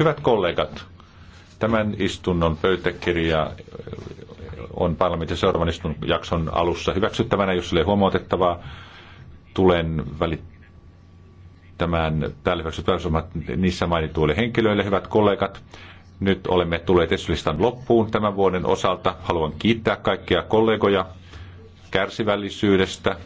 Hyvät kollegat, tämän istunnon pöytäkirja äh, on parlamentin seuraavan istunnon jakson alussa hyväksyttävänä, jos ei huomautettavaa. Tulen välittämään täällä hyväksyttävät niissä mainituille henkilöille. Hyvät kollegat, nyt olemme tulleet esilistan loppuun tämän vuoden osalta. Haluan kiittää kaikkia kollegoja kärsivällisyydestä,